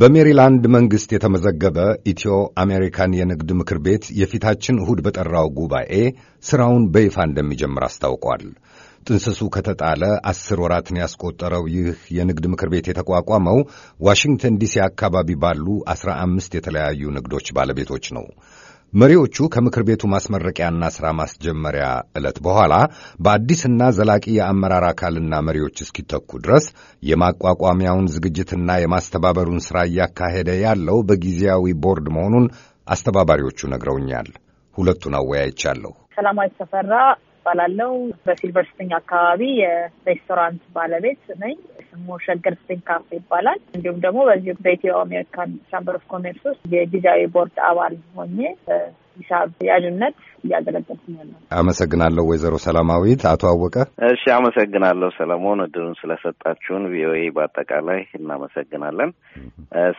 በሜሪላንድ መንግሥት የተመዘገበ ኢትዮ አሜሪካን የንግድ ምክር ቤት የፊታችን እሁድ በጠራው ጉባኤ ሥራውን በይፋ እንደሚጀምር አስታውቋል። ጥንስሱ ከተጣለ አስር ወራትን ያስቆጠረው ይህ የንግድ ምክር ቤት የተቋቋመው ዋሽንግተን ዲሲ አካባቢ ባሉ አስራ አምስት የተለያዩ ንግዶች ባለቤቶች ነው። መሪዎቹ ከምክር ቤቱ ማስመረቂያና ሥራ ማስጀመሪያ ዕለት በኋላ በአዲስና ዘላቂ የአመራር አካልና መሪዎች እስኪተኩ ድረስ የማቋቋሚያውን ዝግጅትና የማስተባበሩን ሥራ እያካሄደ ያለው በጊዜያዊ ቦርድ መሆኑን አስተባባሪዎቹ ነግረውኛል። ሁለቱን አወያይቻለሁ። ሰላማዊ ተፈራ እባላለሁ። በሲልቨር ስፕሪንግ አካባቢ የሬስቶራንት ባለቤት ነኝ። ስሙ ሸገር ስፕሪንግ ካፌ ይባላል። እንዲሁም ደግሞ በዚሁ በኢትዮ አሜሪካን ቻምበር ኦፍ ኮሜርስ ውስጥ የጊዜያዊ ቦርድ አባል ሆኜ ሂሳብ ያዥነት እያገለገልኩ ያለው። አመሰግናለሁ ወይዘሮ ሰላማዊት። አቶ አወቀ። እሺ አመሰግናለሁ ሰለሞን፣ እድሉን ስለሰጣችሁን ቪኦኤ በአጠቃላይ እናመሰግናለን።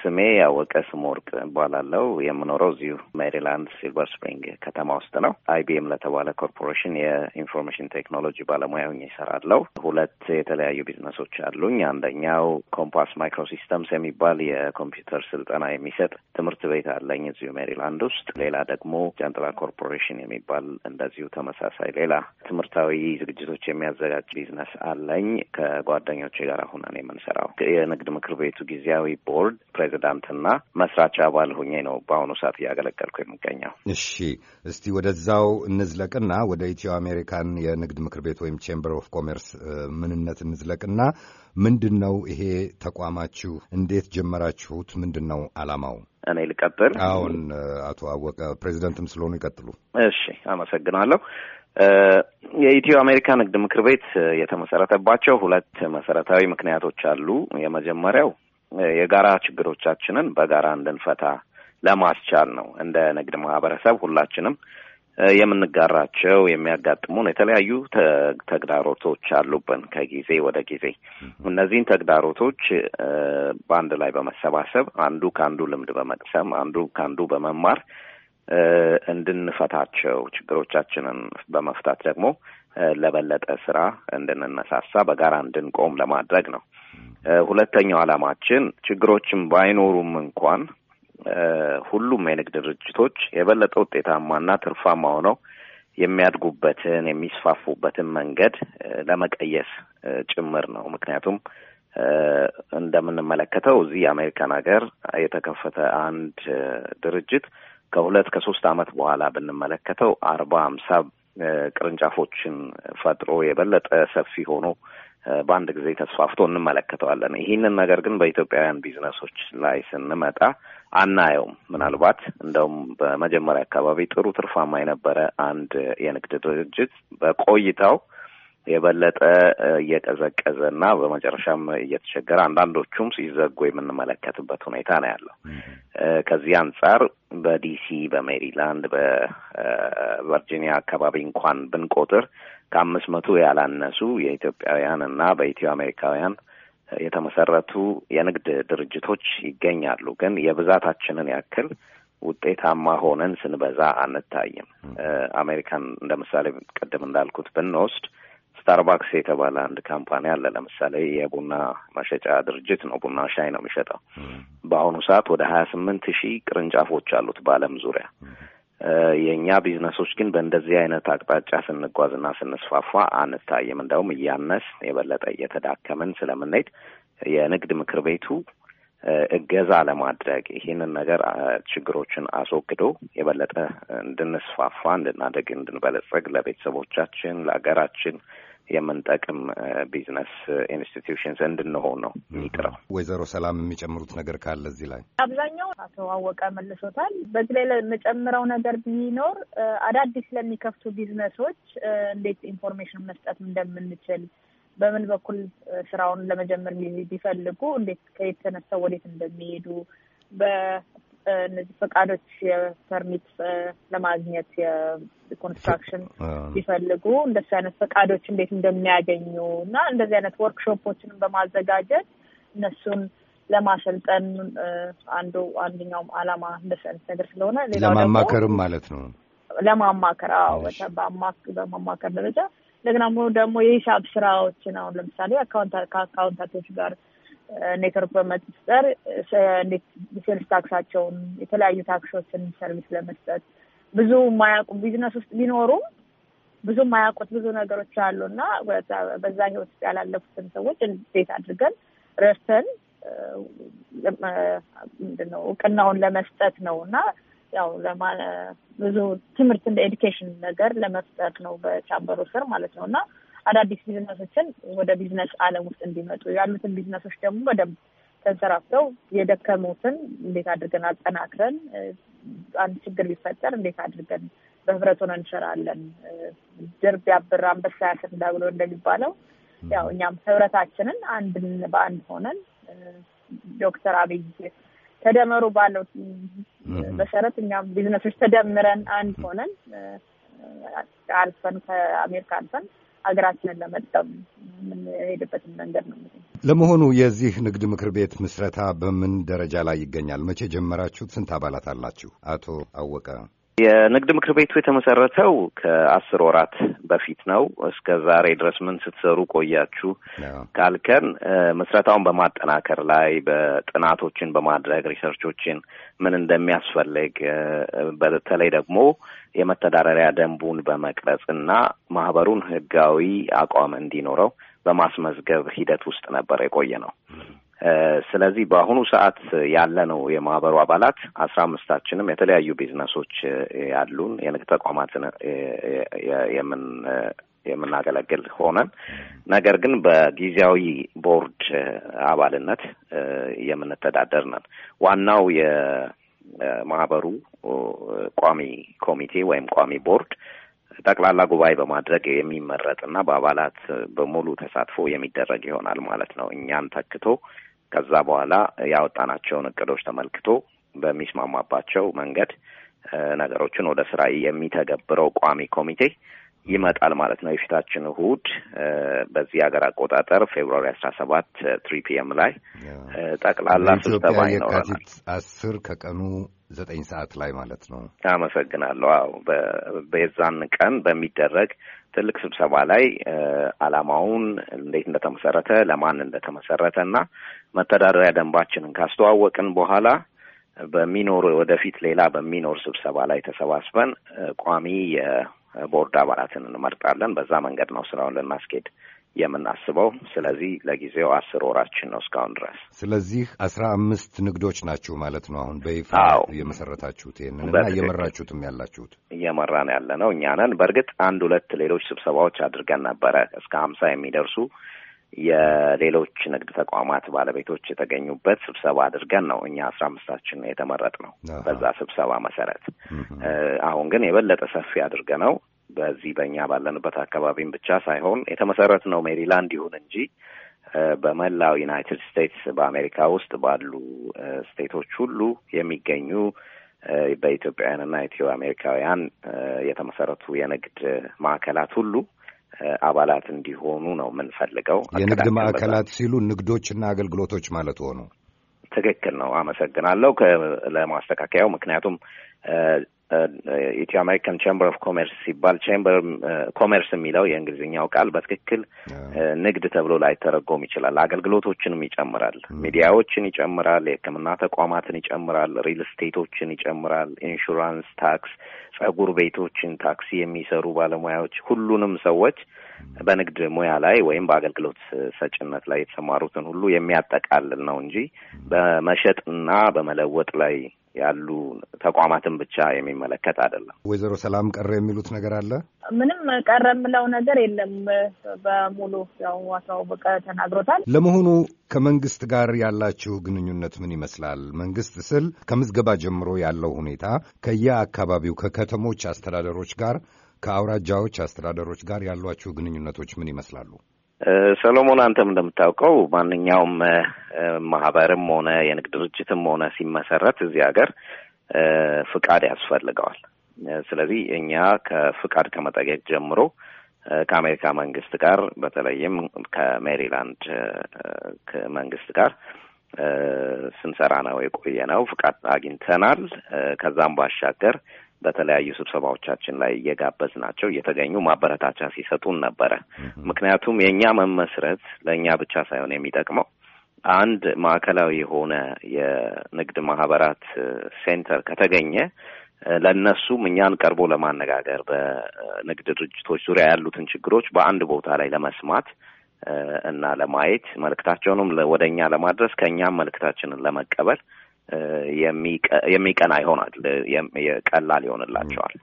ስሜ ያወቀ ስምወርቅ እባላለሁ። የምኖረው እዚሁ ሜሪላንድ ሲልቨር ስፕሪንግ ከተማ ውስጥ ነው። አይቢኤም ለተባለ ኮርፖሬሽን የኢንፎርሜሽን ቴክኖሎጂ ባለሙያ ሆኜ እሰራለሁ። ሁለት የተለያዩ ቢዝነሶች አሉኝ። አንደኛው ኮምፓስ ማይክሮሲስተምስ የሚባል የኮምፒውተር ስልጠና የሚሰጥ ትምህርት ቤት አለኝ እዚሁ ሜሪላንድ ውስጥ። ሌላ ደግሞ ጃንጥላ ኮርፖሬሽን የሚባል እንደዚሁ ተመሳሳይ ሌላ ትምህርታዊ ዝግጅቶች የሚያዘጋጅ ቢዝነስ አለኝ ከጓደኞቼ ጋር ሁነን የምንሰራው የንግድ ምክር ቤቱ ጊዜያዊ ቦርድ ፕሬዚዳንትና መስራች አባል ሁኜ ነው በአሁኑ ሰዓት እያገለገልኩ የሚገኘው። እሺ፣ እስቲ ወደዛው እንዝለቅና ወደ ኢትዮ አሜሪካን የንግድ ምክር ቤት ወይም ቼምበር ኦፍ ኮሜርስ ምንነት እንዝለቅና ምንድን ነው ይሄ ተቋማችሁ? እንዴት ጀመራችሁት? ምንድን ነው አላማው? እኔ ልቀጥል። አሁን አቶ አወቀ ፕሬዚደንትም ስለሆኑ ይቀጥሉ። እሺ፣ አመሰግናለሁ። የኢትዮ አሜሪካ ንግድ ምክር ቤት የተመሰረተባቸው ሁለት መሰረታዊ ምክንያቶች አሉ። የመጀመሪያው የጋራ ችግሮቻችንን በጋራ እንድንፈታ ለማስቻል ነው። እንደ ንግድ ማህበረሰብ ሁላችንም የምንጋራቸው የሚያጋጥሙን የተለያዩ ተግዳሮቶች አሉብን ከጊዜ ወደ ጊዜ። እነዚህን ተግዳሮቶች በአንድ ላይ በመሰባሰብ አንዱ ከአንዱ ልምድ በመቅሰም አንዱ ከአንዱ በመማር እንድንፈታቸው ችግሮቻችንን በመፍታት ደግሞ ለበለጠ ስራ እንድንነሳሳ በጋራ እንድንቆም ለማድረግ ነው። ሁለተኛው ዓላማችን ችግሮችን ባይኖሩም እንኳን ሁሉም የንግድ ድርጅቶች የበለጠ ውጤታማና ትርፋማ ሆነው የሚያድጉበትን የሚስፋፉበትን መንገድ ለመቀየስ ጭምር ነው። ምክንያቱም እንደምንመለከተው እዚህ የአሜሪካን ሀገር የተከፈተ አንድ ድርጅት ከሁለት ከሶስት ዓመት በኋላ ብንመለከተው አርባ ሀምሳ ቅርንጫፎችን ፈጥሮ የበለጠ ሰፊ ሆኖ በአንድ ጊዜ ተስፋፍቶ እንመለከተዋለን። ይህንን ነገር ግን በኢትዮጵያውያን ቢዝነሶች ላይ ስንመጣ አናየውም። ምናልባት እንደውም በመጀመሪያ አካባቢ ጥሩ ትርፋማ የነበረ አንድ የንግድ ድርጅት በቆይታው የበለጠ እየቀዘቀዘ እና በመጨረሻም እየተቸገረ አንዳንዶቹም ሲዘጉ የምንመለከትበት ሁኔታ ነው ያለው። ከዚህ አንጻር በዲሲ፣ በሜሪላንድ፣ በቨርጂኒያ አካባቢ እንኳን ብንቆጥር ከአምስት መቶ ያላነሱ የኢትዮጵያውያን እና በኢትዮ አሜሪካውያን የተመሰረቱ የንግድ ድርጅቶች ይገኛሉ። ግን የብዛታችንን ያክል ውጤታማ ሆነን ስንበዛ አንታይም። አሜሪካን እንደ ምሳሌ ቅድም እንዳልኩት ብንወስድ ስታርባክስ የተባለ አንድ ካምፓኒ አለ። ለምሳሌ የቡና መሸጫ ድርጅት ነው። ቡና ሻይ ነው የሚሸጠው። በአሁኑ ሰዓት ወደ ሀያ ስምንት ሺህ ቅርንጫፎች አሉት በዓለም ዙሪያ የእኛ ቢዝነሶች ግን በእንደዚህ አይነት አቅጣጫ ስንጓዝና ስንስፋፋ አንታይም። እንደውም እያነስ የበለጠ እየተዳከምን ስለምንሄድ የንግድ ምክር ቤቱ እገዛ ለማድረግ ይህንን ነገር ችግሮችን አስወግዶ የበለጠ እንድንስፋፋ፣ እንድናደግ፣ እንድንበለጸግ ለቤተሰቦቻችን፣ ለሀገራችን የምንጠቅም ቢዝነስ ኢንስቲትዩሽንስ እንድንሆን ነው የሚጥረው። ወይዘሮ ሰላም የሚጨምሩት ነገር ካለ እዚህ ላይ አብዛኛው አቶ አወቀ መልሶታል። በዚህ ላይ የምጨምረው ነገር ቢኖር አዳዲስ ለሚከፍቱ ቢዝነሶች እንዴት ኢንፎርሜሽን መስጠት እንደምንችል በምን በኩል ስራውን ለመጀመር ቢፈልጉ እንዴት ከየት ተነስተው ወዴት እንደሚሄዱ እነዚህ ፈቃዶች የፐርሚት ለማግኘት የኮንስትራክሽን ሲፈልጉ እንደዚህ አይነት ፈቃዶች እንዴት እንደሚያገኙ እና እንደዚህ አይነት ወርክሾፖችንም በማዘጋጀት እነሱን ለማሰልጠን አንዱ አንደኛውም አላማ እንደሱ አይነት ነገር ስለሆነ ለማማከርም ማለት ነው። ለማማከር በማማከር ደረጃ እንደገና ደግሞ የሂሳብ ስራዎችን አሁን ለምሳሌ ከአካውንታቶች ጋር ኔትወርክ በመጠር ሴልስ ታክሳቸውን የተለያዩ ታክሶችን ሰርቪስ ለመስጠት ብዙ የማያውቁ ቢዝነስ ውስጥ ቢኖሩም ብዙ የማያውቁት ብዙ ነገሮች አሉ እና በዛ ህይወት ውስጥ ያላለፉትን ሰዎች እንዴት አድርገን ረስተን ምንድነው እውቅናውን ለመስጠት ነው እና ያው ለማ ብዙ ትምህርት እንደ ኤዱኬሽን ነገር ለመፍጠር ነው በቻምበሩ ስር ማለት ነው እና አዳዲስ ቢዝነሶችን ወደ ቢዝነስ አለም ውስጥ እንዲመጡ ያሉትን ቢዝነሶች ደግሞ በደንብ ተንሰራፍተው የደከሙትን እንዴት አድርገን አጠናክረን አንድ ችግር ቢፈጠር እንዴት አድርገን በህብረት ሆነ እንሰራለን። ድር ቢያብር አንበሳ ያስር ብሎ እንደሚባለው ያው እኛም ህብረታችንን አንድን በአንድ ሆነን ዶክተር አብይ ተደመሩ ባለው መሰረት እኛም ቢዝነሶች ተደምረን አንድ ሆነን አልፈን ከአሜሪካ አልፈን ሀገራችንን ለመጠም የምንሄድበትን መንገድ ነው። ለመሆኑ የዚህ ንግድ ምክር ቤት ምስረታ በምን ደረጃ ላይ ይገኛል? መቼ ጀመራችሁት? ስንት አባላት አላችሁ? አቶ አወቀ የንግድ ምክር ቤቱ የተመሰረተው ከአስር ወራት በፊት ነው። እስከ ዛሬ ድረስ ምን ስትሰሩ ቆያችሁ ካልከን ምስረታውን በማጠናከር ላይ በጥናቶችን በማድረግ ሪሰርቾችን ምን እንደሚያስፈልግ በተለይ ደግሞ የመተዳደሪያ ደንቡን በመቅረጽ እና ማህበሩን ህጋዊ አቋም እንዲኖረው በማስመዝገብ ሂደት ውስጥ ነበር የቆየ ነው። ስለዚህ በአሁኑ ሰዓት ያለነው የማህበሩ አባላት አስራ አምስታችንም የተለያዩ ቢዝነሶች ያሉን የንግድ ተቋማትን የምን የምናገለግል ሆነን ነገር ግን በጊዜያዊ ቦርድ አባልነት የምንተዳደር ነን። ዋናው የማህበሩ ቋሚ ኮሚቴ ወይም ቋሚ ቦርድ ጠቅላላ ጉባኤ በማድረግ የሚመረጥ እና በአባላት በሙሉ ተሳትፎ የሚደረግ ይሆናል ማለት ነው። እኛን ተክቶ ከዛ በኋላ ያወጣናቸውን እቅዶች ተመልክቶ በሚስማማባቸው መንገድ ነገሮችን ወደ ስራ የሚተገብረው ቋሚ ኮሚቴ ይመጣል ማለት ነው። የፊታችን እሁድ በዚህ ሀገር አቆጣጠር ፌብሩዋሪ አስራ ሰባት ትሪ ፒኤም ላይ ጠቅላላ ስብሰባ ይኖራል። አስር ከቀኑ ዘጠኝ ሰዓት ላይ ማለት ነው። አመሰግናለሁ። አዎ በዛን ቀን በሚደረግ ትልቅ ስብሰባ ላይ ዓላማውን እንዴት እንደተመሰረተ ለማን እንደተመሰረተ እና መተዳደሪያ ደንባችንን ካስተዋወቅን በኋላ በሚኖር ወደፊት ሌላ በሚኖር ስብሰባ ላይ ተሰባስበን ቋሚ የቦርድ አባላትን እንመርጣለን። በዛ መንገድ ነው ስራውን ልናስኬድ የምናስበው። ስለዚህ ለጊዜው አስር ወራችን ነው እስካሁን ድረስ። ስለዚህ አስራ አምስት ንግዶች ናችሁ ማለት ነው አሁን በይፋ የመሰረታችሁት ይህንንና እየመራችሁትም ያላችሁት? እየመራ ነው ያለ ነው እኛ ነን። በእርግጥ አንድ ሁለት ሌሎች ስብሰባዎች አድርገን ነበረ እስከ ሀምሳ የሚደርሱ የሌሎች ንግድ ተቋማት ባለቤቶች የተገኙበት ስብሰባ አድርገን ነው እኛ አስራ አምስታችን የተመረጥ ነው በዛ ስብሰባ መሰረት። አሁን ግን የበለጠ ሰፊ አድርገ ነው በዚህ በእኛ ባለንበት አካባቢም ብቻ ሳይሆን የተመሰረት ነው ሜሪላንድ ይሁን እንጂ በመላው ዩናይትድ ስቴትስ በአሜሪካ ውስጥ ባሉ ስቴቶች ሁሉ የሚገኙ በኢትዮጵያውያንና ኢትዮ አሜሪካውያን የተመሰረቱ የንግድ ማዕከላት ሁሉ አባላት እንዲሆኑ ነው የምንፈልገው። የንግድ ማዕከላት ሲሉ ንግዶችና አገልግሎቶች ማለት ሆኑ። ትክክል ነው። አመሰግናለሁ ለማስተካከያው። ምክንያቱም ኢትዮ አሜሪካን ቼምበር ኦፍ ኮሜርስ ሲባል ቼምበር ኮሜርስ uh, የሚለው የእንግሊዝኛው ቃል በትክክል uh, ንግድ ተብሎ ላይተረጎም ይችላል። አገልግሎቶችንም ይጨምራል። ሚዲያዎችን ይጨምራል። የሕክምና ተቋማትን ይጨምራል። ሪል ስቴቶችን ይጨምራል። ኢንሹራንስ፣ ታክስ፣ ጸጉር ቤቶችን፣ ታክሲ የሚሰሩ ባለሙያዎች፣ ሁሉንም ሰዎች በንግድ ሙያ ላይ ወይም በአገልግሎት ሰጭነት ላይ የተሰማሩትን ሁሉ የሚያጠቃልል ነው እንጂ በመሸጥና በመለወጥ ላይ ያሉ ተቋማትን ብቻ የሚመለከት አይደለም። ወይዘሮ ሰላም ቀረ የሚሉት ነገር አለ? ምንም ቀረ የምለው ነገር የለም። በሙሉ ያው ዋሳው በቀ ተናግሮታል። ለመሆኑ ከመንግስት ጋር ያላችሁ ግንኙነት ምን ይመስላል? መንግስት ስል ከምዝገባ ጀምሮ ያለው ሁኔታ ከየአካባቢው ከከተሞች አስተዳደሮች ጋር ከአውራጃዎች አስተዳደሮች ጋር ያሏችሁ ግንኙነቶች ምን ይመስላሉ? ሰሎሞን አንተም እንደምታውቀው ማንኛውም ማህበርም ሆነ የንግድ ድርጅትም ሆነ ሲመሰረት እዚህ ሀገር ፍቃድ ያስፈልገዋል። ስለዚህ እኛ ከፍቃድ ከመጠየቅ ጀምሮ ከአሜሪካ መንግስት ጋር በተለይም ከሜሪላንድ መንግስት ጋር ስንሰራ ነው የቆየ ነው። ፍቃድ አግኝተናል። ከዛም ባሻገር በተለያዩ ስብሰባዎቻችን ላይ እየጋበዝ ናቸው እየተገኙ ማበረታቻ ሲሰጡን ነበረ። ምክንያቱም የእኛ መመስረት ለእኛ ብቻ ሳይሆን የሚጠቅመው አንድ ማዕከላዊ የሆነ የንግድ ማህበራት ሴንተር ከተገኘ ለእነሱም እኛን ቀርቦ ለማነጋገር በንግድ ድርጅቶች ዙሪያ ያሉትን ችግሮች በአንድ ቦታ ላይ ለመስማት እና ለማየት መልእክታቸውንም ወደ እኛ ለማድረስ ከእኛም መልእክታችንን ለመቀበል የሚቀና ይሆናል፣ ቀላል ይሆንላቸዋል።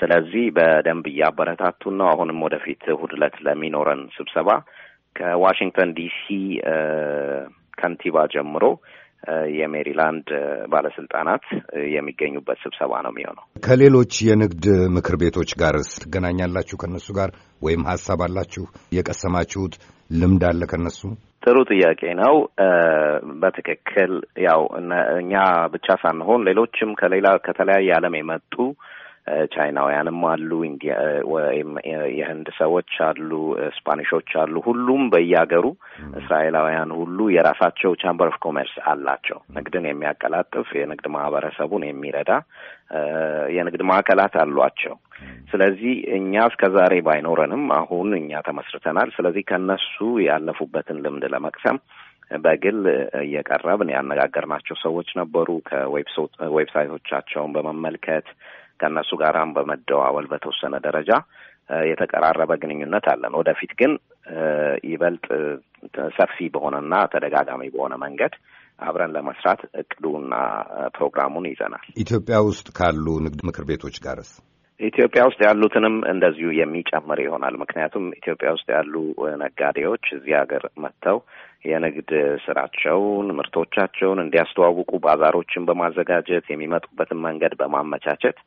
ስለዚህ በደንብ እያበረታቱን ነው። አሁንም ወደፊት እሑድ ዕለት ለሚኖረን ስብሰባ ከዋሽንግተን ዲሲ ከንቲባ ጀምሮ የሜሪላንድ ባለስልጣናት የሚገኙበት ስብሰባ ነው የሚሆነው። ከሌሎች የንግድ ምክር ቤቶች ጋር ትገናኛላችሁ? ከእነሱ ጋር ወይም ሀሳብ አላችሁ? የቀሰማችሁት ልምድ አለ ከእነሱ? ጥሩ ጥያቄ ነው። በትክክል ያው እኛ ብቻ ሳንሆን ሌሎችም ከሌላ ከተለያየ ዓለም የመጡ ቻይናውያንም አሉ፣ የህንድ ሰዎች አሉ፣ ስፓኒሾች አሉ። ሁሉም በየሀገሩ እስራኤላውያን ሁሉ የራሳቸው ቻምበር ኦፍ ኮሜርስ አላቸው። ንግድን የሚያቀላጥፍ የንግድ ማህበረሰቡን የሚረዳ የንግድ ማዕከላት አሏቸው። ስለዚህ እኛ እስከ ዛሬ ባይኖረንም አሁን እኛ ተመስርተናል። ስለዚህ ከነሱ ያለፉበትን ልምድ ለመቅሰም በግል እየቀረብን ያነጋገርናቸው ሰዎች ነበሩ። ከዌብሳይቶቻቸውን በመመልከት ከእነሱ ጋራም በመደዋወል በተወሰነ ደረጃ የተቀራረበ ግንኙነት አለን። ወደፊት ግን ይበልጥ ሰፊ በሆነና ተደጋጋሚ በሆነ መንገድ አብረን ለመስራት እቅዱና ፕሮግራሙን ይዘናል። ኢትዮጵያ ውስጥ ካሉ ንግድ ምክር ቤቶች ጋርስ ኢትዮጵያ ውስጥ ያሉትንም እንደዚሁ የሚጨምር ይሆናል። ምክንያቱም ኢትዮጵያ ውስጥ ያሉ ነጋዴዎች እዚህ ሀገር መጥተው የንግድ ስራቸውን፣ ምርቶቻቸውን እንዲያስተዋውቁ ባዛሮችን በማዘጋጀት የሚመጡበትን መንገድ በማመቻቸት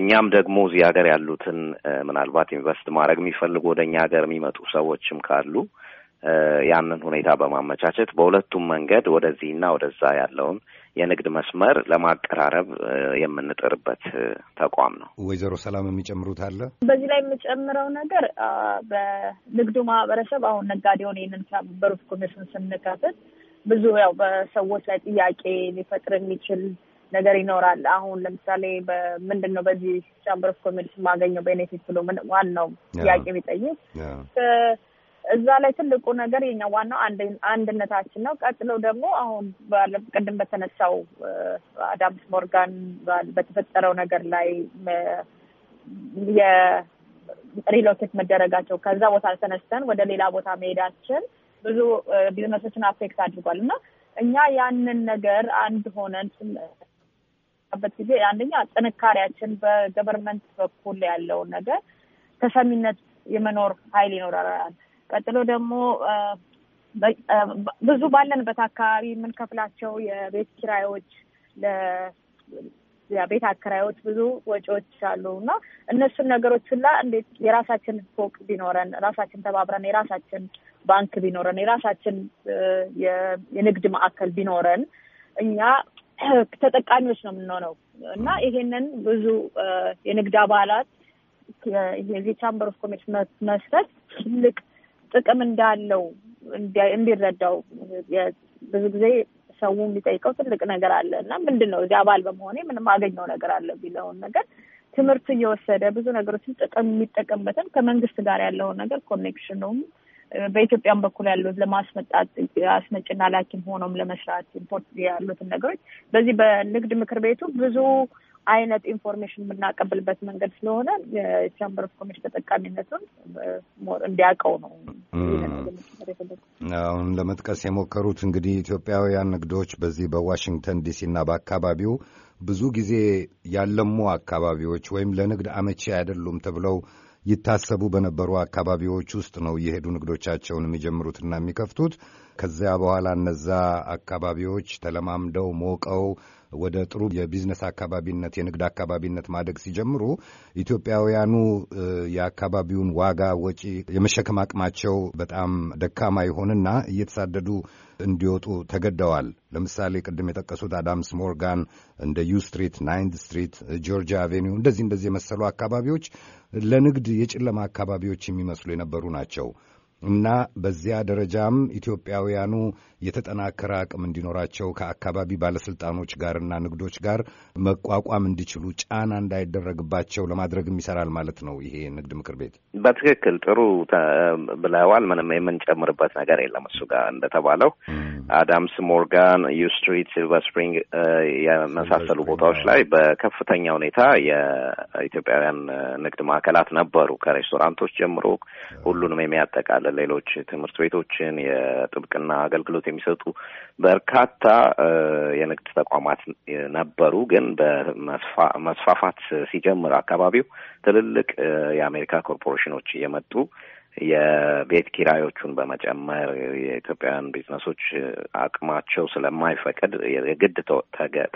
እኛም ደግሞ እዚህ ሀገር ያሉትን ምናልባት ኢንቨስት ማድረግ የሚፈልጉ ወደ እኛ ሀገር የሚመጡ ሰዎችም ካሉ ያንን ሁኔታ በማመቻቸት በሁለቱም መንገድ ወደዚህና ወደዛ ያለውን የንግድ መስመር ለማቀራረብ የምንጥርበት ተቋም ነው። ወይዘሮ ሰላም የሚጨምሩት አለ? በዚህ ላይ የምጨምረው ነገር በንግዱ ማህበረሰብ አሁን ነጋዴውን ይህንን ከበሩት ኮሚሽን ስንከፍት ብዙ ያው በሰዎች ላይ ጥያቄ ሊፈጥር የሚችል ነገር ይኖራል። አሁን ለምሳሌ ምንድን ነው በዚህ ቻምበር ኦፍ ኮሜርስ የማገኘው ቤኔፊት ብሎ ዋናው ጥያቄ የሚጠይቅ እዛ ላይ ትልቁ ነገር የኛ ዋናው አንድነታችን ነው። ቀጥሎ ደግሞ አሁን ቅድም በተነሳው አዳምስ ሞርጋን በተፈጠረው ነገር ላይ የሪሎኬት መደረጋቸው ከዛ ቦታ ተነስተን ወደ ሌላ ቦታ መሄዳችን ብዙ ቢዝነሶችን አፌክት አድርጓል እና እኛ ያንን ነገር አንድ ሆነን በት ጊዜ አንደኛ ጥንካሬያችን በገቨርንመንት በኩል ያለውን ነገር ተሰሚነት የመኖር ኃይል ይኖራል። ቀጥሎ ደግሞ ብዙ ባለንበት አካባቢ የምንከፍላቸው የቤት ኪራዮች ቤት አከራዮች ብዙ ወጪዎች አሉ እና እነሱን ነገሮች ሁላ እንዴት የራሳችን ፎቅ ቢኖረን ራሳችን ተባብረን የራሳችን ባንክ ቢኖረን የራሳችን የንግድ ማዕከል ቢኖረን እኛ ተጠቃሚዎች ነው የምንሆነው እና ይሄንን ብዙ የንግድ አባላት የዚህ ቻምበር ኦፍ ኮሜርስ መስረት ትልቅ ጥቅም እንዳለው እንዲረዳው ብዙ ጊዜ ሰው የሚጠይቀው ትልቅ ነገር አለ እና ምንድን ነው እዚህ አባል በመሆኔ ምንም አገኘው ነገር አለ ቢለውን ነገር ትምህርት እየወሰደ ብዙ ነገሮችን ጥቅም የሚጠቀምበትን ከመንግስት ጋር ያለውን ነገር ኮኔክሽኑም በኢትዮጵያም በኩል ያሉት ለማስመጣት አስመጭና ላኪም ሆኖም ለመስራት ኢምፖርት ያሉትን ነገሮች በዚህ በንግድ ምክር ቤቱ ብዙ አይነት ኢንፎርሜሽን የምናቀብልበት መንገድ ስለሆነ የቻምበር ኦፍ ኮሜርስ ተጠቃሚነቱን እንዲያውቀው ነው። አሁን ለመጥቀስ የሞከሩት እንግዲህ ኢትዮጵያውያን ንግዶች በዚህ በዋሽንግተን ዲሲ እና በአካባቢው ብዙ ጊዜ ያለሙ አካባቢዎች ወይም ለንግድ አመቺ አይደሉም ተብለው ይታሰቡ በነበሩ አካባቢዎች ውስጥ ነው እየሄዱ ንግዶቻቸውን የሚጀምሩትና የሚከፍቱት። ከዚያ በኋላ እነዛ አካባቢዎች ተለማምደው ሞቀው ወደ ጥሩ የቢዝነስ አካባቢነት የንግድ አካባቢነት ማደግ ሲጀምሩ ኢትዮጵያውያኑ የአካባቢውን ዋጋ ወጪ የመሸከም አቅማቸው በጣም ደካማ ይሆንና እየተሳደዱ እንዲወጡ ተገደዋል። ለምሳሌ ቅድም የጠቀሱት አዳምስ ሞርጋን እንደ ዩ ስትሪት፣ ናይንት ስትሪት፣ ጆርጂያ አቬኒው እንደዚህ እንደዚህ የመሰሉ አካባቢዎች ለንግድ የጨለማ አካባቢዎች የሚመስሉ የነበሩ ናቸው። እና በዚያ ደረጃም ኢትዮጵያውያኑ የተጠናከረ አቅም እንዲኖራቸው ከአካባቢ ባለስልጣኖች ጋርና ንግዶች ጋር መቋቋም እንዲችሉ ጫና እንዳይደረግባቸው ለማድረግም ይሰራል ማለት ነው። ይሄ ንግድ ምክር ቤት በትክክል ጥሩ ብለዋል። ምንም የምንጨምርበት ነገር የለም። እሱ ጋር እንደተባለው አዳምስ፣ ሞርጋን፣ ዩ ስትሪት፣ ሲልቨር ስፕሪንግ የመሳሰሉ ቦታዎች ላይ በከፍተኛ ሁኔታ የኢትዮጵያውያን ንግድ ማዕከላት ነበሩ ከሬስቶራንቶች ጀምሮ ሁሉንም የሚያጠቃልል ሌሎች ትምህርት ቤቶችን፣ የጥብቅና አገልግሎት የሚሰጡ በርካታ የንግድ ተቋማት ነበሩ። ግን በመስፋፋት ሲጀምር አካባቢው ትልልቅ የአሜሪካ ኮርፖሬሽኖች እየመጡ የቤት ኪራዮቹን በመጨመር የኢትዮጵያውያን ቢዝነሶች አቅማቸው ስለማይፈቅድ የግድ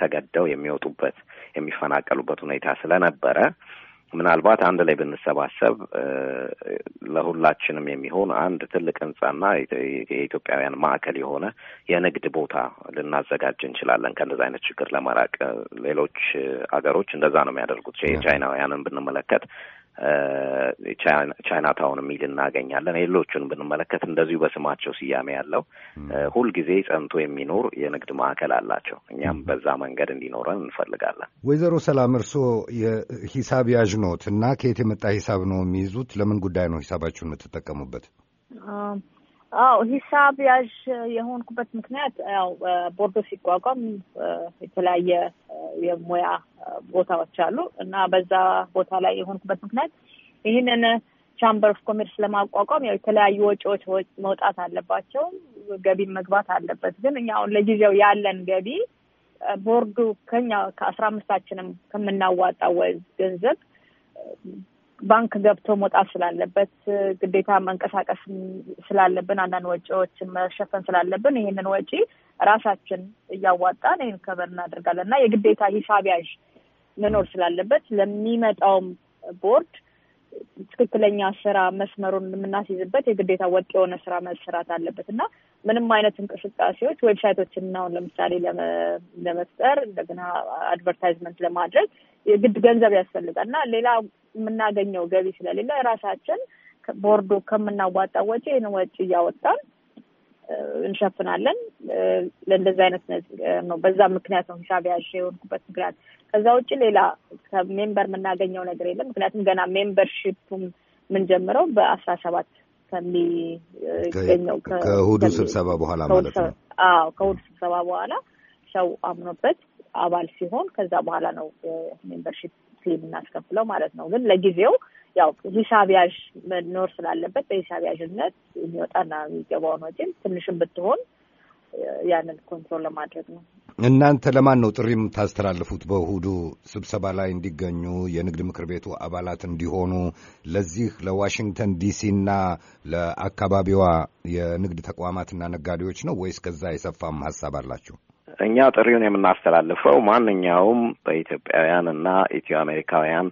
ተገደው የሚወጡበት የሚፈናቀሉበት ሁኔታ ስለነበረ ምናልባት አንድ ላይ ብንሰባሰብ ለሁላችንም የሚሆን አንድ ትልቅ ህንጻና የኢትዮጵያውያን ማዕከል የሆነ የንግድ ቦታ ልናዘጋጅ እንችላለን። ከእንደዚ አይነት ችግር ለመራቅ ሌሎች አገሮች እንደዛ ነው የሚያደርጉት። የቻይናውያንን ብንመለከት ቻይና ታውን የሚል እናገኛለን። ሌሎቹን ብንመለከት እንደዚሁ በስማቸው ስያሜ ያለው ሁልጊዜ ጸንቶ የሚኖር የንግድ ማዕከል አላቸው። እኛም በዛ መንገድ እንዲኖረን እንፈልጋለን። ወይዘሮ ሰላም እርስዎ የሂሳብ ያዥ ኖት እና ከየት የመጣ ሂሳብ ነው የሚይዙት? ለምን ጉዳይ ነው ሂሳባችሁን የምትጠቀሙበት? አዎ ሂሳብ ያዥ የሆንኩበት ምክንያት ያው ቦርዶ ሲቋቋም የተለያየ የሙያ ቦታዎች አሉ እና በዛ ቦታ ላይ የሆንኩበት ምክንያት ይህንን ቻምበር ኦፍ ኮሜርስ ለማቋቋም ያው የተለያዩ ወጪዎች መውጣት አለባቸው፣ ገቢ መግባት አለበት። ግን እኛ አሁን ለጊዜው ያለን ገቢ ቦርዱ ከኛ ከአስራ አምስታችንም ከምናዋጣ ገንዘብ ባንክ ገብቶ መውጣት ስላለበት ግዴታ መንቀሳቀስ ስላለብን አንዳንድ ወጪዎችን መሸፈን ስላለብን ይህንን ወጪ ራሳችን እያዋጣን ይህን ከበር እናደርጋለን እና የግዴታ ሂሳብ ያዥ መኖር ስላለበት ለሚመጣውም ቦርድ ትክክለኛ ስራ መስመሩን የምናስይዝበት የግዴታ ወጥ የሆነ ስራ መስራት አለበት እና ምንም አይነት እንቅስቃሴዎች ዌብሳይቶችን አሁን ለምሳሌ ለመፍጠር እንደገና አድቨርታይዝመንት ለማድረግ የግድ ገንዘብ ያስፈልጋል እና ሌላ የምናገኘው ገቢ ስለሌለ ራሳችን ቦርዶ ከምናዋጣ ወጪ ይህን ወጪ እያወጣን እንሸፍናለን። ለእንደዚህ አይነት ነው። በዛ ምክንያት ነው ሂሳብ ያዥ የሆንኩበት ምክንያት። ከዛ ውጭ ሌላ ከሜምበር የምናገኘው ነገር የለም። ምክንያቱም ገና ሜምበርሺፑም የምንጀምረው በአስራ ሰባት ሰሚ ከእሁዱ ስብሰባ በኋላ ማለት ነው። አዎ ስብሰባ በኋላ ሰው አምኖበት አባል ሲሆን ከዛ በኋላ ነው ሜምበርሺፕ የምናስከፍለው ማለት ነው። ግን ለጊዜው ያው ሂሳብ ያዥ መኖር ስላለበት በሂሳብ ያዥነት የሚወጣና የሚገባውን ወጪም ትንሽም ብትሆን ያንን ኮንትሮል ለማድረግ ነው። እናንተ ለማን ነው ጥሪ የምታስተላልፉት? በእሁዱ ስብሰባ ላይ እንዲገኙ የንግድ ምክር ቤቱ አባላት እንዲሆኑ ለዚህ ለዋሽንግተን ዲሲና ለአካባቢዋ የንግድ ተቋማትና ነጋዴዎች ነው ወይስ ከዛ የሰፋም ሀሳብ አላችሁ? እኛ ጥሪውን የምናስተላልፈው ማንኛውም በኢትዮጵያውያን እና ኢትዮ አሜሪካውያን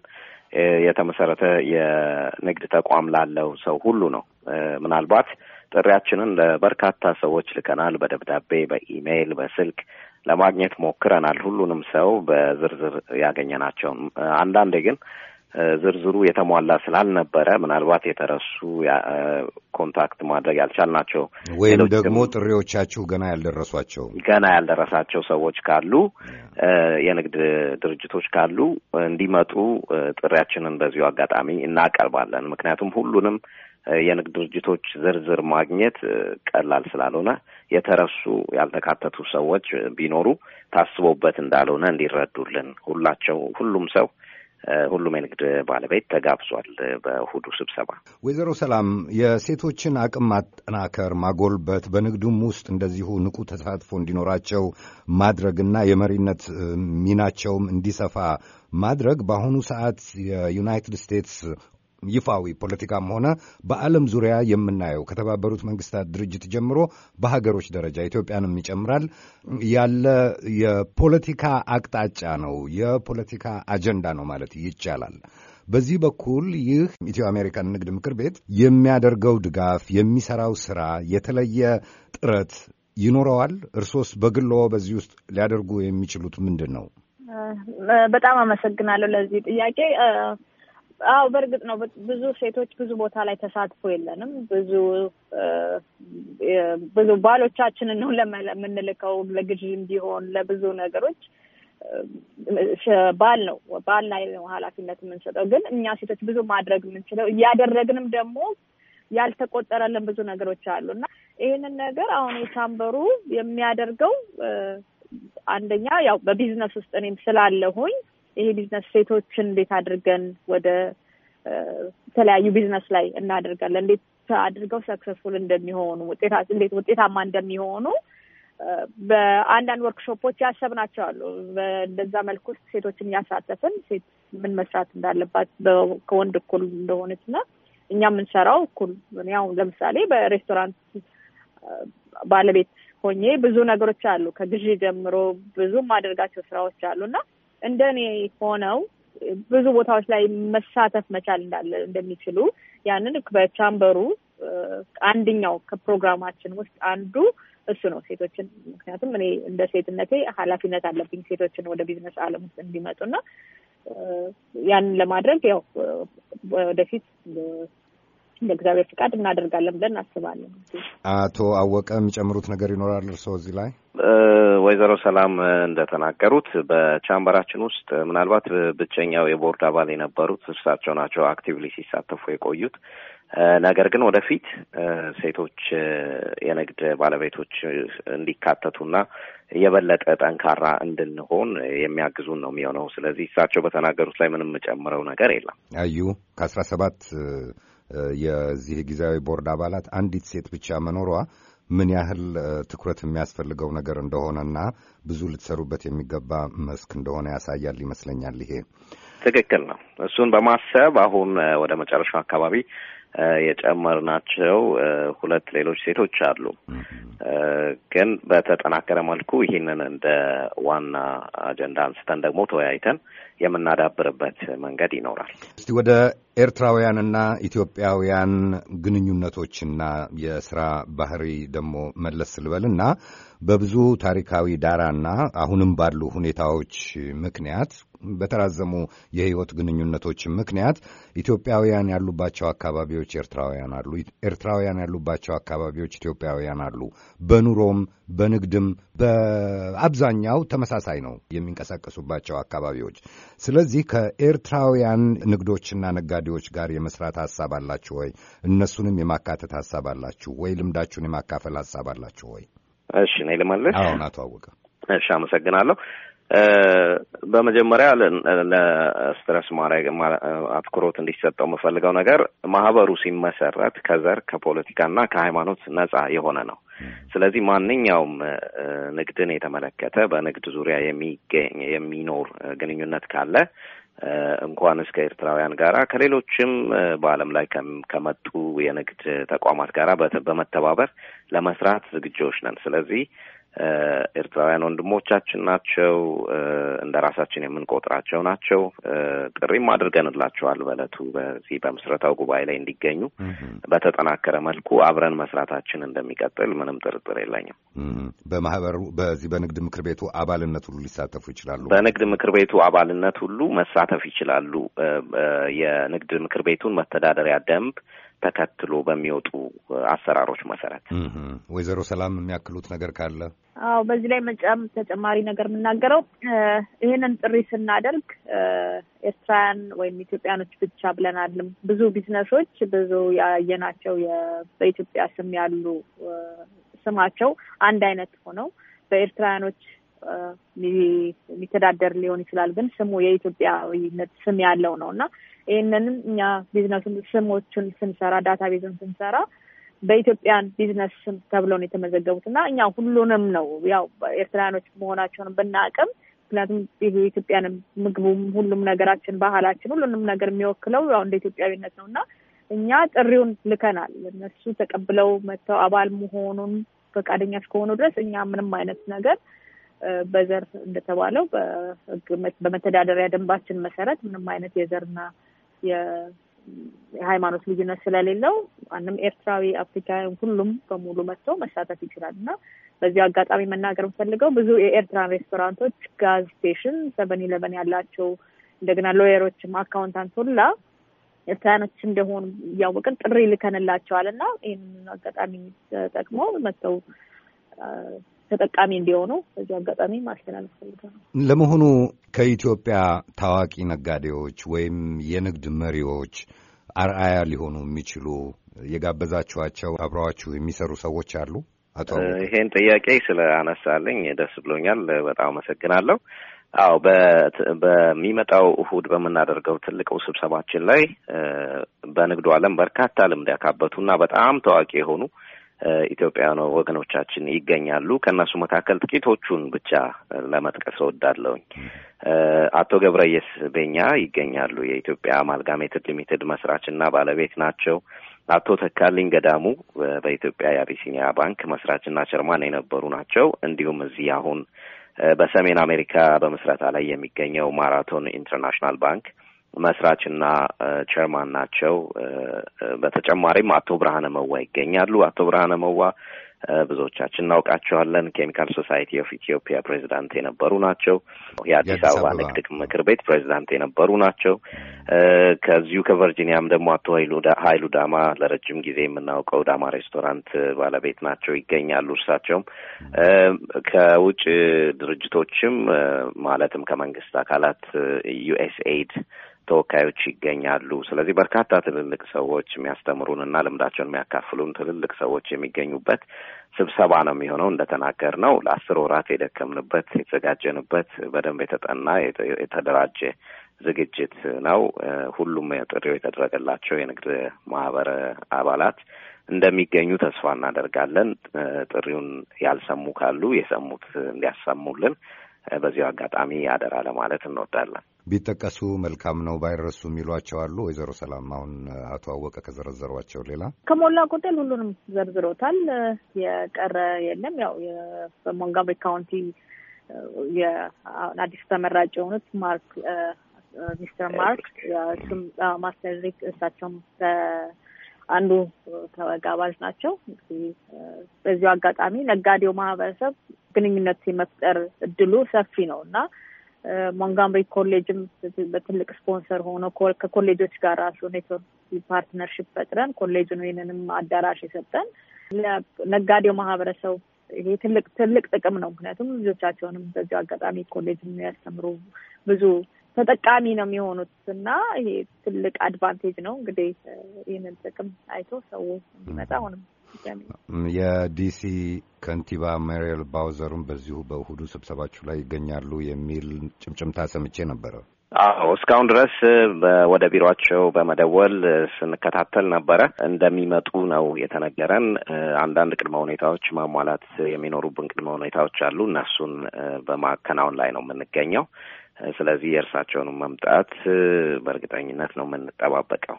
የተመሰረተ የንግድ ተቋም ላለው ሰው ሁሉ ነው። ምናልባት ጥሪያችንን ለበርካታ ሰዎች ልከናል። በደብዳቤ፣ በኢሜይል፣ በስልክ ለማግኘት ሞክረናል። ሁሉንም ሰው በዝርዝር ያገኘናቸውን አንዳንዴ ግን ዝርዝሩ የተሟላ ስላልነበረ ምናልባት የተረሱ ኮንታክት ማድረግ ያልቻልናቸው ወይም ደግሞ ጥሪዎቻችሁ ገና ያልደረሷቸው ገና ያልደረሳቸው ሰዎች ካሉ የንግድ ድርጅቶች ካሉ እንዲመጡ ጥሪያችንን በዚሁ አጋጣሚ እናቀርባለን። ምክንያቱም ሁሉንም የንግድ ድርጅቶች ዝርዝር ማግኘት ቀላል ስላልሆነ የተረሱ ያልተካተቱ ሰዎች ቢኖሩ ታስቦበት እንዳልሆነ እንዲረዱልን ሁላቸው ሁሉም ሰው ሁሉም የንግድ ባለቤት ተጋብዟል። በእሁዱ ስብሰባ ወይዘሮ ሰላም የሴቶችን አቅም ማጠናከር ማጎልበት፣ በንግዱም ውስጥ እንደዚሁ ንቁ ተሳትፎ እንዲኖራቸው ማድረግና የመሪነት ሚናቸውም እንዲሰፋ ማድረግ በአሁኑ ሰዓት የዩናይትድ ስቴትስ ይፋዊ ፖለቲካም ሆነ በዓለም ዙሪያ የምናየው ከተባበሩት መንግስታት ድርጅት ጀምሮ በሀገሮች ደረጃ ኢትዮጵያንም ይጨምራል ያለ የፖለቲካ አቅጣጫ ነው፣ የፖለቲካ አጀንዳ ነው ማለት ይቻላል። በዚህ በኩል ይህ ኢትዮ አሜሪካን ንግድ ምክር ቤት የሚያደርገው ድጋፍ፣ የሚሰራው ስራ የተለየ ጥረት ይኖረዋል። እርሶስ በግሎ በዚህ ውስጥ ሊያደርጉ የሚችሉት ምንድን ነው? በጣም አመሰግናለሁ ለዚህ ጥያቄ። አዎ በእርግጥ ነው። ብዙ ሴቶች ብዙ ቦታ ላይ ተሳትፎ የለንም። ብዙ ብዙ ባሎቻችንን ነው ለምንልከው ለግዥም እንዲሆን ለብዙ ነገሮች ባል ነው ባል ላይ ነው ኃላፊነት የምንሰጠው። ግን እኛ ሴቶች ብዙ ማድረግ የምንችለው እያደረግንም ደግሞ ያልተቆጠረልን ብዙ ነገሮች አሉ እና ይህንን ነገር አሁን የቻምበሩ የሚያደርገው አንደኛ ያው በቢዝነስ ውስጥ እኔም ስላለሁኝ ይሄ ቢዝነስ ሴቶችን እንዴት አድርገን ወደ የተለያዩ ቢዝነስ ላይ እናደርጋለን፣ እንዴት አድርገው ሰክሰስፉል እንደሚሆኑ እንዴት ውጤታማ እንደሚሆኑ በአንዳንድ ወርክሾፖች ያሰብናቸው አሉ። በእንደዛ መልኩ ውስጥ ሴቶችን እያሳተፍን ሴት ምን መስራት እንዳለባት ከወንድ እኩል እንደሆነች እና እኛ የምንሰራው እኩል ያው ለምሳሌ በሬስቶራንት ባለቤት ሆኜ ብዙ ነገሮች አሉ። ከግዢ ጀምሮ ብዙ ማደርጋቸው ስራዎች አሉ እና እንደኔ ሆነው ብዙ ቦታዎች ላይ መሳተፍ መቻል እንዳለ እንደሚችሉ ያንን በቻምበሩ አንድኛው ከፕሮግራማችን ውስጥ አንዱ እሱ ነው። ሴቶችን ምክንያቱም እኔ እንደ ሴትነቴ ኃላፊነት አለብኝ ሴቶችን ወደ ቢዝነስ አለም ውስጥ ና ያንን ለማድረግ ያው ወደፊት እንደ እግዚአብሔር ፍቃድ እናደርጋለን ብለን እናስባለን። አቶ አወቀ የሚጨምሩት ነገር ይኖራል እርስዎ እዚህ ላይ? ወይዘሮ ሰላም እንደተናገሩት በቻምበራችን ውስጥ ምናልባት ብቸኛው የቦርድ አባል የነበሩት እርሳቸው ናቸው አክቲቭሊ ሲሳተፉ የቆዩት። ነገር ግን ወደፊት ሴቶች የንግድ ባለቤቶች እንዲካተቱና የበለጠ ጠንካራ እንድንሆን የሚያግዙን ነው የሚሆነው። ስለዚህ እሳቸው በተናገሩት ላይ ምንም የምጨምረው ነገር የለም። አዩ ከአስራ ሰባት የዚህ ጊዜያዊ ቦርድ አባላት አንዲት ሴት ብቻ መኖሯ ምን ያህል ትኩረት የሚያስፈልገው ነገር እንደሆነና ብዙ ልትሰሩበት የሚገባ መስክ እንደሆነ ያሳያል ይመስለኛል። ይሄ ትክክል ነው። እሱን በማሰብ አሁን ወደ መጨረሻው አካባቢ የጨመርናቸው ሁለት ሌሎች ሴቶች አሉ። ግን በተጠናከረ መልኩ ይህንን እንደ ዋና አጀንዳ አንስተን ደግሞ ተወያይተን የምናዳብርበት መንገድ ይኖራል። እስቲ ወደ ኤርትራውያንና ኢትዮጵያውያን ግንኙነቶችና የስራ ባህሪ ደግሞ መለስ ስልበልና በብዙ ታሪካዊ ዳራና አሁንም ባሉ ሁኔታዎች ምክንያት በተራዘሙ የህይወት ግንኙነቶች ምክንያት ኢትዮጵያውያን ያሉባቸው አካባቢዎች ኤርትራውያን አሉ፣ ኤርትራውያን ያሉባቸው አካባቢዎች ኢትዮጵያውያን አሉ። በኑሮም በንግድም በአብዛኛው ተመሳሳይ ነው የሚንቀሳቀሱባቸው አካባቢዎች። ስለዚህ ከኤርትራውያን ንግዶችና ነጋዴዎች ጋር የመስራት ሀሳብ አላችሁ ወይ? እነሱንም የማካተት ሀሳብ አላችሁ ወይ? ልምዳችሁን የማካፈል ሀሳብ አላችሁ ወይ? እሺ፣ እኔ ልመልስ። አሁን አቶ አወቀ። እሺ፣ አመሰግናለሁ። በመጀመሪያ ለስትረስ ማድረግ አትኩሮት እንዲሰጠው የምፈልገው ነገር ማህበሩ ሲመሰረት ከዘር ከፖለቲካና ከሃይማኖት ነጻ የሆነ ነው። ስለዚህ ማንኛውም ንግድን የተመለከተ በንግድ ዙሪያ የሚገኝ የሚኖር ግንኙነት ካለ እስከ ኤርትራውያን ጋራ ከሌሎችም በዓለም ላይ ከመጡ የንግድ ተቋማት ጋራ በመተባበር ለመስራት ዝግጆች ነን። ስለዚህ ኤርትራውያን ወንድሞቻችን ናቸው፣ እንደ ራሳችን የምንቆጥራቸው ናቸው። ጥሪም አድርገንላቸዋል በእለቱ በዚህ በምስረታው ጉባኤ ላይ እንዲገኙ። በተጠናከረ መልኩ አብረን መስራታችን እንደሚቀጥል ምንም ጥርጥር የለኝም። በማህበሩ በዚህ በንግድ ምክር ቤቱ አባልነት ሁሉ ሊሳተፉ ይችላሉ። በንግድ ምክር ቤቱ አባልነት ሁሉ መሳተፍ ይችላሉ። የንግድ ምክር ቤቱን መተዳደሪያ ደንብ ተከትሎ በሚወጡ አሰራሮች መሰረት። ወይዘሮ ሰላም የሚያክሉት ነገር ካለ? አዎ፣ በዚህ ላይ መጫም ተጨማሪ ነገር የምናገረው ይህንን ጥሪ ስናደርግ ኤርትራውያን ወይም ኢትዮጵያኖች ብቻ ብለን አይደለም። ብዙ ቢዝነሶች ብዙ ያየናቸው በኢትዮጵያ ስም ያሉ ስማቸው አንድ አይነት ሆነው በኤርትራውያኖች የሚተዳደር ሊሆን ይችላል፣ ግን ስሙ የኢትዮጵያዊነት ስም ያለው ነው እና ይህንንም እኛ ቢዝነሱን ስሞቹን ስንሰራ ዳታ ቤዝን ስንሰራ በኢትዮጵያን ቢዝነስ ስም ተብለው ነው የተመዘገቡት እና እኛ ሁሉንም ነው ያው ኤርትራያኖች መሆናቸውን ብናቅም ምክንያቱም የኢትዮጵያን ምግቡም ሁሉም ነገራችን ባህላችን ሁሉንም ነገር የሚወክለው ያው እንደ ኢትዮጵያዊነት ነው እና እኛ ጥሪውን ልከናል። እነሱ ተቀብለው መጥተው አባል መሆኑን ፈቃደኛ እስከሆኑ ድረስ እኛ ምንም አይነት ነገር በዘር እንደተባለው በመተዳደሪያ ደንባችን መሰረት ምንም አይነት የዘርና የሃይማኖት ልዩነት ስለሌለው ማንም ኤርትራዊ፣ አፍሪካውያን ሁሉም በሙሉ መጥቶ መሳተፍ ይችላል እና በዚህ አጋጣሚ መናገር የምፈልገው ብዙ የኤርትራን ሬስቶራንቶች፣ ጋዝ ስቴሽን፣ ሰቨን ኢለቨን ያላቸው እንደገና ሎየሮችም አካውንታንት ሁላ ኤርትራያኖች እንደሆኑ እያወቅን ጥሪ ልከንላቸዋል እና ይህንን አጋጣሚ ተጠቅሞ መጥተው ተጠቃሚ እንዲሆኑ በዚህ አጋጣሚ ማስተላለፍ ፈልጋለሁ። ለመሆኑ ከኢትዮጵያ ታዋቂ ነጋዴዎች ወይም የንግድ መሪዎች አርአያ ሊሆኑ የሚችሉ የጋበዛችኋቸው አብረዋችሁ የሚሰሩ ሰዎች አሉ? አቶ ይሄን ጥያቄ ስለ አነሳልኝ ደስ ብሎኛል። በጣም አመሰግናለሁ። አዎ በሚመጣው እሁድ በምናደርገው ትልቁ ስብሰባችን ላይ በንግዱ ዓለም በርካታ ልምድ ያካበቱ እና በጣም ታዋቂ የሆኑ ኢትዮጵያውያን ወገኖቻችን ይገኛሉ። ከእነሱ መካከል ጥቂቶቹን ብቻ ለመጥቀስ እወዳለሁኝ። አቶ ገብረየስ ቤኛ ይገኛሉ። የኢትዮጵያ አማልጋሜትድ ሊሚትድ መስራችና ባለቤት ናቸው። አቶ ተካልኝ ገዳሙ በኢትዮጵያ የአቢሲኒያ ባንክ መስራችና ቸርማን የነበሩ ናቸው። እንዲሁም እዚህ አሁን በሰሜን አሜሪካ በምስረታ ላይ የሚገኘው ማራቶን ኢንተርናሽናል ባንክ መስራችና ቸርማን ናቸው። በተጨማሪም አቶ ብርሃነ መዋ ይገኛሉ። አቶ ብርሃነ መዋ ብዙዎቻችን እናውቃቸዋለን። ኬሚካል ሶሳይቲ ኦፍ ኢትዮጵያ ፕሬዚዳንት የነበሩ ናቸው። የአዲስ አበባ ንግድ ምክር ቤት ፕሬዚዳንት የነበሩ ናቸው። ከዚሁ ከቨርጂኒያም ደግሞ አቶ ሀይሉ ዳማ ለረጅም ጊዜ የምናውቀው ዳማ ሬስቶራንት ባለቤት ናቸው ይገኛሉ። እርሳቸውም ከውጭ ድርጅቶችም ማለትም ከመንግስት አካላት ዩኤስኤድ። ተወካዮች ይገኛሉ። ስለዚህ በርካታ ትልልቅ ሰዎች የሚያስተምሩንና ልምዳቸውን የሚያካፍሉን ትልልቅ ሰዎች የሚገኙበት ስብሰባ ነው የሚሆነው። እንደተናገር ነው ለአስር ወራት የደከምንበት የተዘጋጀንበት በደንብ የተጠና የተደራጀ ዝግጅት ነው። ሁሉም ጥሪው የተደረገላቸው የንግድ ማህበር አባላት እንደሚገኙ ተስፋ እናደርጋለን። ጥሪውን ያልሰሙ ካሉ የሰሙት እንዲያሰሙልን በዚያው አጋጣሚ አደራ ለማለት እንወዳለን። ቢጠቀሱ መልካም ነው ባይረሱ የሚሏቸው አሉ። ወይዘሮ ሰላም አሁን አቶ አወቀ ከዘረዘሯቸው ሌላ ከሞላ ጎደል ሁሉንም ዘርዝሮታል። የቀረ የለም። ያው በሞንጋቤ ካውንቲ አዲስ ተመራጭ የሆኑት ማርክ ሚስተር ማርክ ማስተር ሪክ እሳቸውም አንዱ ተጋባዥ ናቸው። እንግዲህ በዚሁ አጋጣሚ ነጋዴው ማህበረሰብ ግንኙነት የመፍጠር እድሉ ሰፊ ነው እና ሞንጋምሪ ኮሌጅም በትልቅ ስፖንሰር ሆኖ ከኮሌጆች ጋር ራሱ ኔትወርክ ፓርትነርሽፕ ፈጥረን ኮሌጅን ይህንንም አዳራሽ የሰጠን ነጋዴው ማህበረሰብ ይሄ ትልቅ ትልቅ ጥቅም ነው። ምክንያቱም ልጆቻቸውንም በዚሁ አጋጣሚ ኮሌጅ የሚያስተምሩ ብዙ ተጠቃሚ ነው የሚሆኑት እና ይሄ ትልቅ አድቫንቴጅ ነው። እንግዲህ ይህንን ጥቅም አይቶ ሰው እንዲመጣ አሁንም የዲሲ ከንቲባ ሜሪል ባውዘርም በዚሁ በእሁዱ ስብሰባችሁ ላይ ይገኛሉ የሚል ጭምጭምታ ሰምቼ ነበረ። አዎ እስካሁን ድረስ ወደ ቢሮቸው በመደወል ስንከታተል ነበረ። እንደሚመጡ ነው የተነገረን። አንዳንድ ቅድመ ሁኔታዎች ማሟላት የሚኖሩብን ቅድመ ሁኔታዎች አሉ። እነሱን በማከናወን ላይ ነው የምንገኘው። ስለዚህ የእርሳቸውን መምጣት በእርግጠኝነት ነው የምንጠባበቀው።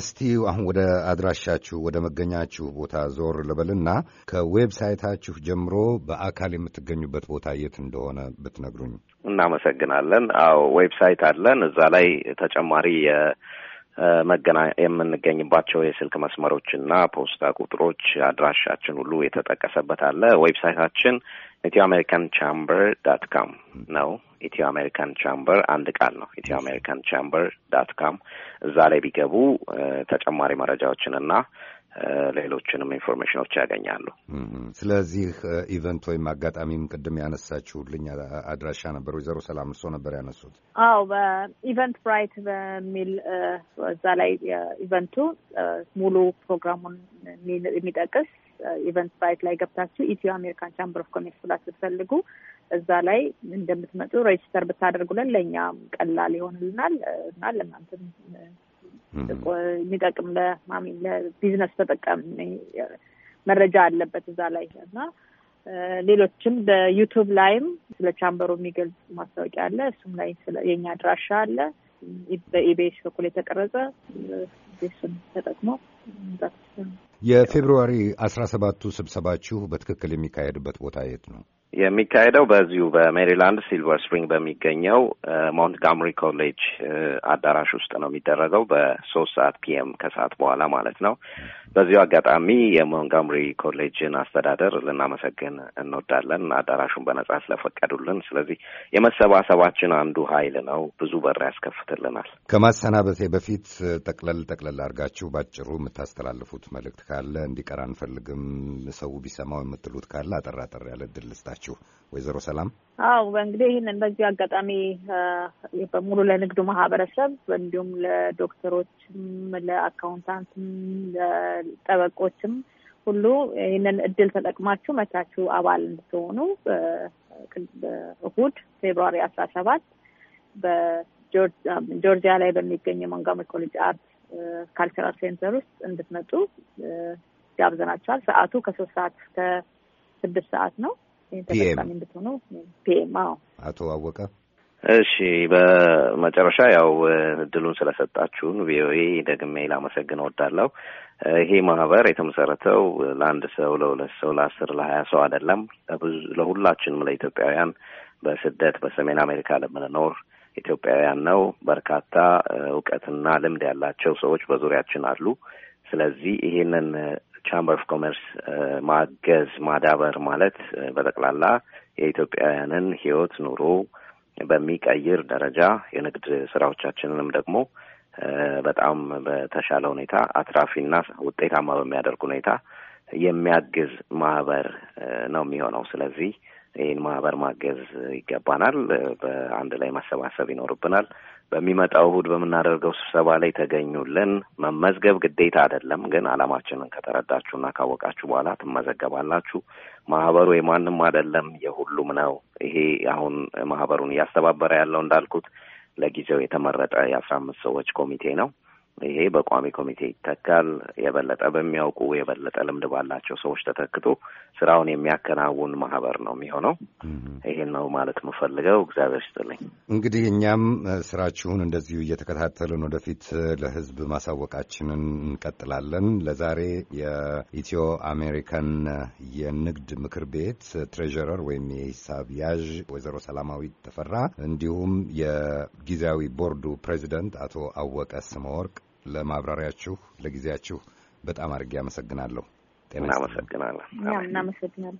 እስቲ አሁን ወደ አድራሻችሁ ወደ መገኛችሁ ቦታ ዞር ልበልና ከዌብሳይታችሁ ጀምሮ በአካል የምትገኙበት ቦታ የት እንደሆነ ብትነግሩኝ እናመሰግናለን። አዎ ዌብሳይት አለን። እዛ ላይ ተጨማሪ መገና የምንገኝባቸው የስልክ መስመሮችና ፖስታ ቁጥሮች፣ አድራሻችን ሁሉ የተጠቀሰበት አለ። ዌብሳይታችን ኢትዮ አሜሪካን ቻምበር ዳት ካም ነው። ኢትዮ አሜሪካን ቻምበር አንድ ቃል ነው። ኢትዮ አሜሪካን ቻምበር ዳት ካም እዛ ላይ ቢገቡ ተጨማሪ መረጃዎችን እና ሌሎችንም ኢንፎርሜሽኖች ያገኛሉ። ስለዚህ ኢቨንት ወይም አጋጣሚም ቅድም ያነሳችሁልኝ አድራሻ ነበር፣ ወይዘሮ ሰላም እርሶ ነበር ያነሱት? አዎ፣ በኢቨንት ብራይት በሚል እዛ ላይ ኢቨንቱ ሙሉ ፕሮግራሙን የሚጠቅስ ኢቨንት ሳይት ላይ ገብታችሁ ኢትዮ አሜሪካን ቻምበር ኦፍ ኮሜርስ ብላችሁ ብትፈልጉ እዛ ላይ እንደምትመጡ ሬጅስተር ብታደርጉልን ለእኛም ቀላል ይሆንልናል እና ለእናንተም የሚጠቅም ለማሚ ለቢዝነስ ተጠቃሚ መረጃ አለበት እዛ ላይ እና ሌሎችም በዩቱብ ላይም ስለ ቻምበሩ የሚገልጽ ማስታወቂያ አለ። እሱም ላይ የእኛ አድራሻ አለ። በኢቤስ በኩል የተቀረጸ እሱን ተጠቅሞ የፌብርዋሪ አስራ ሰባቱ ስብሰባችሁ በትክክል የሚካሄድበት ቦታ የት ነው? የሚካሄደው በዚሁ በሜሪላንድ ሲልቨር ስፕሪንግ በሚገኘው ሞንትጋምሪ ኮሌጅ አዳራሽ ውስጥ ነው የሚደረገው በሶስት ሰዓት ፒኤም ከሰዓት በኋላ ማለት ነው። በዚሁ አጋጣሚ የሞንትጋምሪ ኮሌጅን አስተዳደር ልናመሰግን እንወዳለን፣ አዳራሹን በነጻ ስለፈቀዱልን። ስለዚህ የመሰባሰባችን አንዱ ኃይል ነው፣ ብዙ በር ያስከፍትልናል። ከማሰናበቴ በፊት ጠቅለል ጠቅለል አድርጋችሁ ባጭሩ የምታስተላልፉት መልእክት ካለ እንዲቀር አንፈልግም፣ ሰው ቢሰማው የምትሉት ካለ አጠራጠር ያለ ድል ልስጣችሁ። ያላችሁ ወይዘሮ ሰላም? አው እንግዲህ ይህንን በዚህ አጋጣሚ በሙሉ ለንግዱ ማህበረሰብ እንዲሁም ለዶክተሮችም፣ ለአካውንታንትም፣ ለጠበቆችም ሁሉ ይህንን እድል ተጠቅማችሁ መቻችሁ አባል እንድትሆኑ እሁድ ፌብሯሪ አስራ ሰባት በጆርጂያ ላይ በሚገኝ የሞንትጎመሪ ኮሌጅ አርት ካልቸራል ሴንተር ውስጥ እንድትመጡ ጋብዘናችኋል። ሰዓቱ ከሶስት ሰዓት እስከ ስድስት ሰዓት ነው። ተጠቃሚ እንድትሆኑ ፒኤም። አቶ አወቀ እሺ፣ በመጨረሻ ያው እድሉን ስለሰጣችሁን ቪኦኤ ደግሜ ላመሰግን እወዳለሁ። ይሄ ማህበር የተመሰረተው ለአንድ ሰው፣ ለሁለት ሰው፣ ለአስር ለሀያ ሰው አይደለም። ለብዙ ለሁላችንም ለኢትዮጵያውያን በስደት በሰሜን አሜሪካ ለምንኖር ኢትዮጵያውያን ነው። በርካታ እውቀትና ልምድ ያላቸው ሰዎች በዙሪያችን አሉ። ስለዚህ ይሄንን ቻምበር ኦፍ ኮመርስ ማገዝ ማዳበር ማለት uh, በጠቅላላ የኢትዮጵያውያንን ህይወት ኑሮ በሚቀይር ደረጃ የንግድ ስራዎቻችንንም ደግሞ uh, በጣም በተሻለ ሁኔታ አትራፊና ውጤታማ በሚያደርግ ሁኔታ የሚያግዝ ማህበር uh, ነው የሚሆነው። ስለዚህ ይህን ማህበር ማገዝ ይገባናል። በአንድ ላይ ማሰባሰብ ይኖርብናል። በሚመጣው እሁድ በምናደርገው ስብሰባ ላይ ተገኙልን። መመዝገብ ግዴታ አይደለም፣ ግን አላማችንን ከተረዳችሁ እና ካወቃችሁ በኋላ ትመዘገባላችሁ። ማህበሩ የማንም አይደለም፣ የሁሉም ነው። ይሄ አሁን ማህበሩን እያስተባበረ ያለው እንዳልኩት ለጊዜው የተመረጠ የአስራ አምስት ሰዎች ኮሚቴ ነው። ይሄ በቋሚ ኮሚቴ ይተካል። የበለጠ በሚያውቁ የበለጠ ልምድ ባላቸው ሰዎች ተተክቶ ስራውን የሚያከናውን ማህበር ነው የሚሆነው። ይሄን ነው ማለት የምፈልገው። እግዚአብሔር ስጥልኝ። እንግዲህ እኛም ስራችሁን እንደዚሁ እየተከታተልን ወደፊት ለህዝብ ማሳወቃችንን እንቀጥላለን። ለዛሬ የኢትዮ አሜሪካን የንግድ ምክር ቤት ትሬዥረር ወይም የሂሳብ ያዥ ወይዘሮ ሰላማዊት ተፈራ እንዲሁም የጊዜያዊ ቦርዱ ፕሬዚደንት አቶ አወቀ ስመወርቅ ለማብራሪያችሁ፣ ለጊዜያችሁ በጣም አድርጌ አመሰግናለሁ። ጤና እናመሰግናለን።